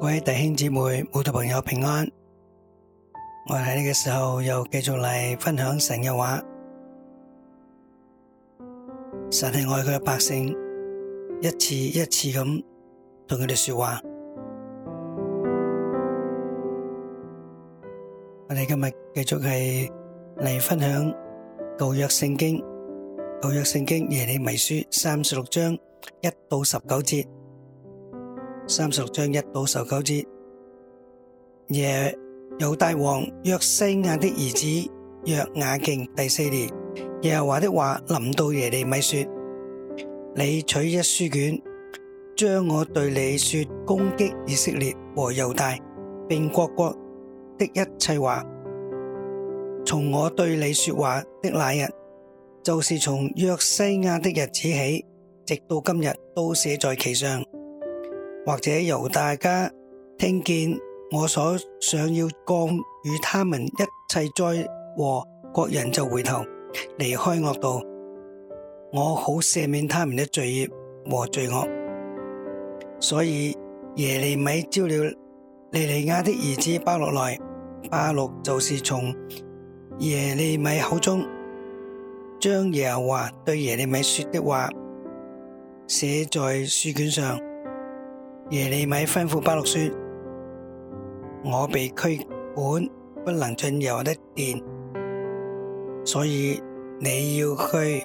各位弟兄姊妹、信徒朋友平安，我喺呢個時候又繼續嚟分享神嘅話，神係愛佢嘅百姓，一次一次咁同佢哋說話。我哋今日繼續係嚟分享舊約聖經，舊約聖經耶利米書三十六章一到十九節。三十六章一到十九節，耶猶大王約西亞的兒子約雅敬第四年，耶和華的話臨到耶利米說：你取一書卷，將我對你說攻擊以色列和猶大，並各國的一切話，從我對你說話的那日，就是從約西亞的日子起，直到今日，都寫在其上。或者由大家聽見我所想要降與他們一切災禍各人就回頭離開惡道，我好赦免他們的罪孽和罪惡。所以耶利米招了尼利亞的兒子巴錄來，巴錄就是從耶利米口中將耶和華對耶利米說的話寫在書卷上。耶利米吩咐巴錄說：我被拘管，不能進耶和華的殿，所以你要去，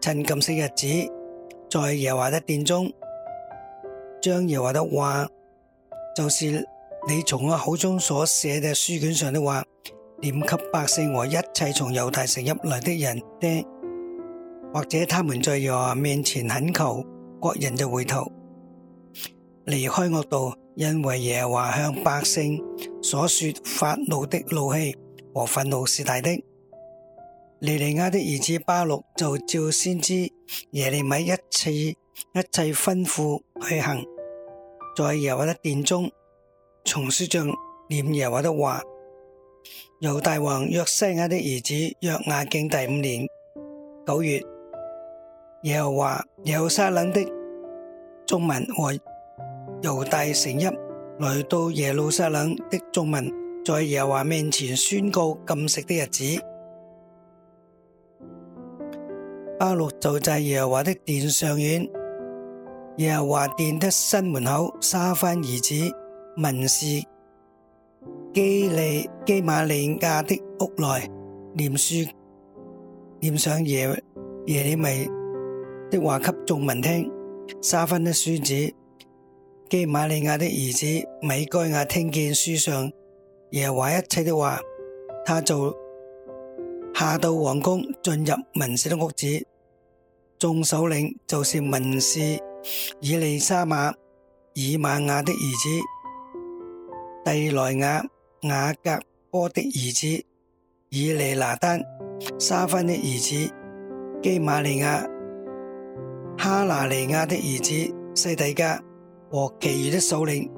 趁禁食日子，在耶和華的殿中，將耶和華的話，就是你從我口中所寫嘅書卷上的話，念給百姓和一切從猶太城入來的人聽，或者他們在耶和華面前懇求，各人就回頭，離開惡道，因為耶華向百姓所說發怒的怒氣和憤怒是大的。尼利亞的兒子巴錄就照先知耶利米一切一切吩咐去行，在耶和華的殿中，從書上念耶和華的話。由大王約西亞的兒子約雅敬第五年九月，耶和華耶路撒冷的中文和。猶大成一來到耶路撒冷的眾民，在耶和華面前宣告禁食的日子。巴錄就在耶和華的殿上院，耶和華殿的新門口沙番兒子文士基利基瑪利亞的屋內念書，念上耶耶利米的話給眾民聽。沙番的孫子，基瑪利亞的兒子米該亞聽見書上耶和華一切的話，他就下到王宮，進入文士的屋子。眾首領就是文士以利沙瑪、以瑪亞的兒子、第萊亞、雅格波的兒子、以利拿丹、沙芬的兒子、基瑪利亞、哈拿尼亞的兒子西底加。和其餘的首領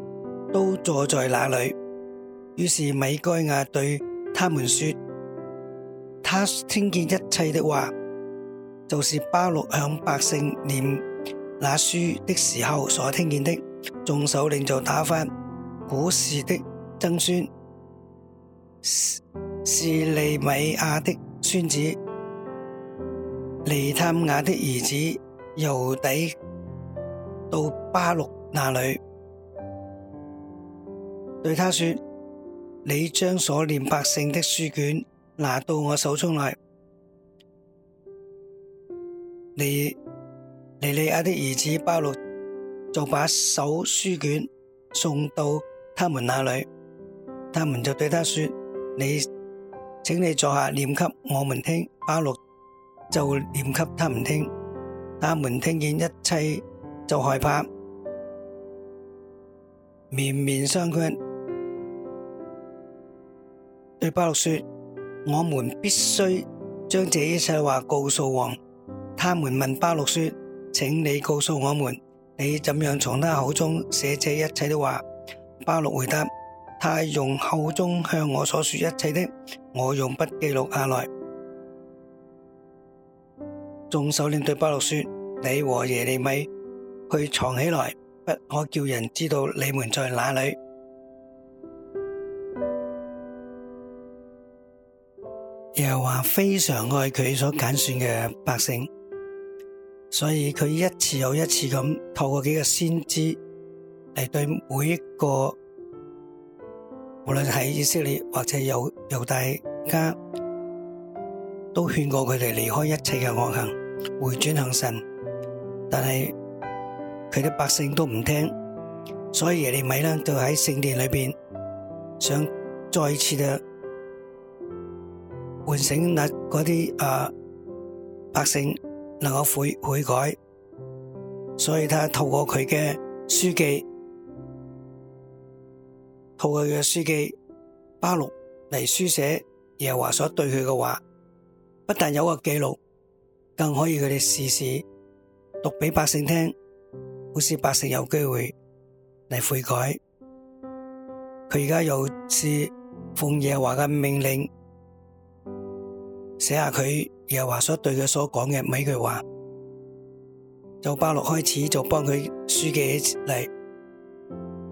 都坐在那裏。於是米該亞對他們說：他聽見一切的話，就是巴錄向百姓念那書的時候所聽見的。眾首領就打發古士的曾孫示利米亞的孫子尼探雅的兒子猶底到巴錄那裏，對他說：你將所念百姓的書卷拿到我手中來。尼尼利亞的兒子巴祿就把手書卷送到他們那裏，他們就對他說：你，請你坐下念給我們聽。巴祿就念給他們聽，他們聽見一切就害怕。面面相覷，對巴錄說：我們必須將這一切話告訴王。他們問巴錄說：請你告訴我們，你怎樣從他口中寫這一切的話？巴錄回答：他用口中向我所說一切的，我用筆記錄下來。眾首領對巴錄說：你和耶利米去藏起來。不可叫人知道你們在哪裏，又話非常愛佢所揀選嘅百姓，所以佢一次又一次咁透過幾個先知嚟，對每一個，無論喺以色列或者猶猶大家，都勸過佢哋離開一切嘅惡行，回轉向神，但係，佢啲百姓都唔聽，所以耶利米咧就喺聖殿裏邊想再次嘅喚醒那嗰啲啊百姓能夠悔悔改，所以他透過佢嘅書記，透過佢嘅書記巴錄嚟書寫耶和華所對佢嘅話，不但有個記錄，更可以佢哋試試讀俾百姓聽。好似百姓有機會嚟悔改，佢而家又係奉耶華嘅命令寫下佢耶華所對佢所講嘅每句話，由巴錄開始就幫佢書記嚟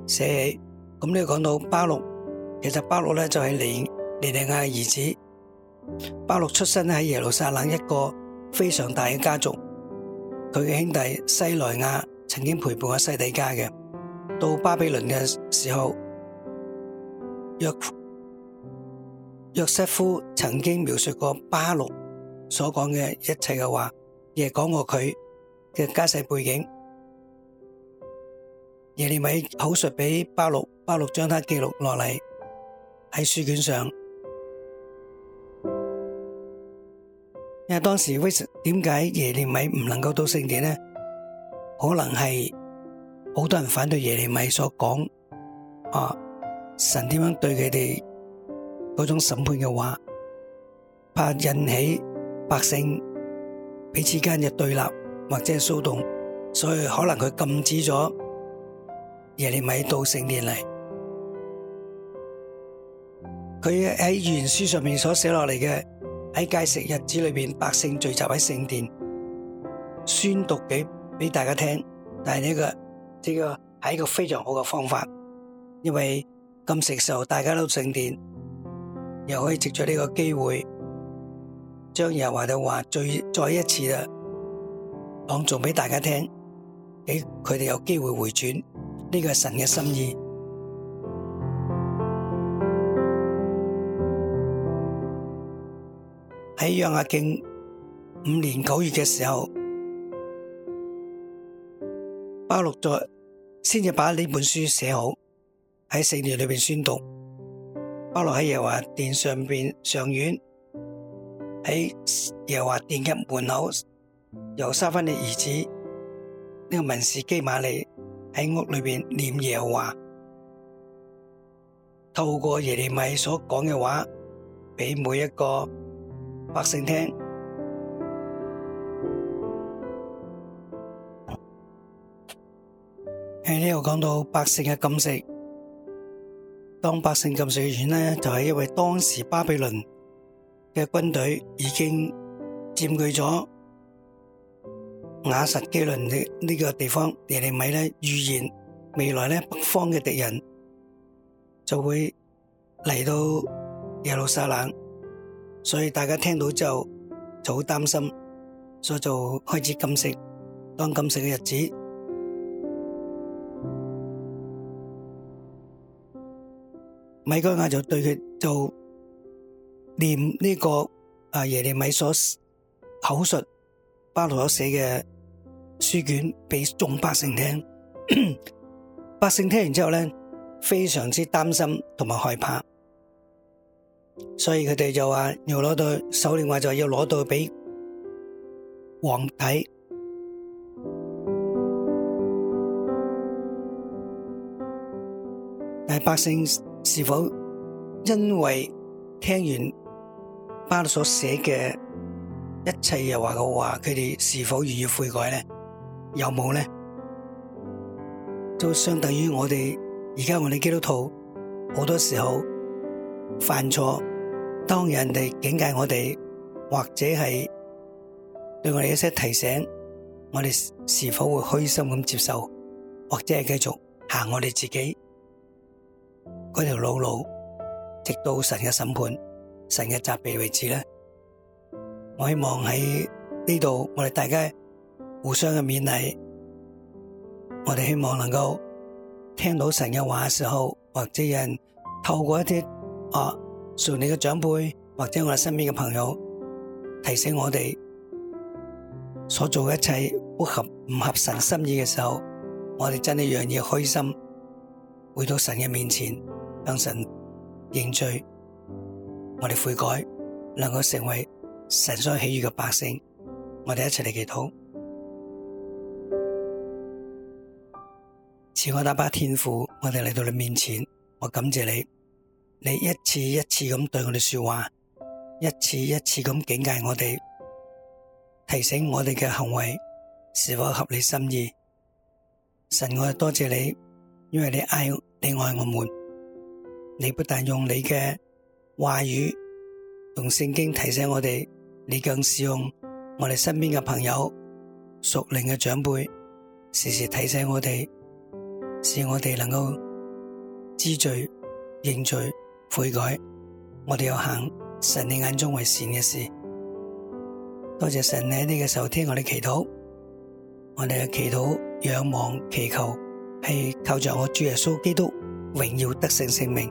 寫起。咁呢度講到巴錄，其實巴錄咧就係尼利亞嘅兒子。巴錄出生喺耶路撒冷一個非常大嘅家族，佢嘅兄弟西萊亞。曾經陪伴阿西底家嘅，到巴比倫嘅時候，約約瑟夫曾經描述過巴錄所講嘅一切嘅話，亦講過佢嘅家世背景。耶利米口述俾巴錄，巴錄將佢記錄落嚟喺書卷上。因為當時為什麼點解耶利米唔能夠到聖殿呢？可能係好多人反對耶利米所講啊，神點樣對佢哋嗰種審判嘅話，怕引起百姓彼此間嘅對立或者係騷動，所以可能佢禁止咗耶利米到聖殿嚟。佢喺原書上面所寫落嚟嘅，喺戒食日子裏邊，百姓聚集喺聖殿宣讀嘅。俾大家聽，但係呢、這個呢、這個係一個非常好嘅方法，因為禁食時候大家都聖殿，又可以藉着呢個機會，將耶和華嘅話再再一次啦，講做俾大家聽，俾佢哋有機會回轉，呢、這個係神嘅心意。喺約雅敬五年九月嘅時候。巴洛在，先至把呢本書寫好，喺聖殿裏邊宣讀。巴洛喺耶華殿上面上院，喺耶華殿嘅門口，由沙芬嘅兒子呢、這個文士基瑪利喺屋裏面念耶和華，透過耶利米所講嘅話，俾每一個百姓聽。喺呢度講到百姓嘅禁食，當百姓禁食嘅時呢，就係因為當時巴比倫嘅軍隊已經佔據咗亞實基倫嘅呢個地方，耶利米呢預言未來呢，北方嘅敵人就會嚟到耶路撒冷，所以大家聽到之後就好擔心，所以就開始禁食，當禁食嘅日子。米該亞就對佢就念呢個阿耶利米所口述巴路所寫嘅書卷俾眾百姓聽， 百姓聽完之後咧非常之擔心同埋害怕，所以佢哋就話要攞到首領話就要攞到俾皇睇。但係百姓。.是否因為聽完巴羅所寫嘅一切又話嘅話，佢哋是否願意悔改咧？有冇咧？就相等於我哋而家我哋基督徒好多時候犯錯，當人哋警戒我哋，或者係對我哋一些提醒，我哋是否會虛心咁接受，或者係繼續行我哋自己？嗰條老路，直到神嘅審判、神嘅責備為止咧。我希望喺呢度，我哋大家互相嘅勉勵，我哋希望能夠聽到神嘅話嘅時候，或者有人透過一啲啊，隨你嘅長輩或者我哋身邊嘅朋友提醒我哋所做嘅一切不合唔合神心意嘅時候，我哋真係讓嘢開心，回到神嘅面前。向神認罪，我哋悔改，能夠成為神所喜悅嘅百姓，我哋一齊嚟祈禱。賜我大把天父，我哋嚟到你面前，我感謝你，你一次一次咁對我哋說話，一次一次咁警戒我哋，提醒我哋嘅行為是否合你心意。神，我哋多謝你，因為你愛，你愛我們。你不但用你嘅話語，用聖經提醒我哋，你更是用我哋身邊嘅朋友、熟齡嘅長輩，時時提醒我哋，使我哋能夠知罪、認罪、悔改。我哋要行神你眼中為善嘅事。多謝神你喺呢個時候聽我哋祈禱，我哋嘅祈禱仰望祈求，係靠著我主耶穌基督榮耀得勝性命。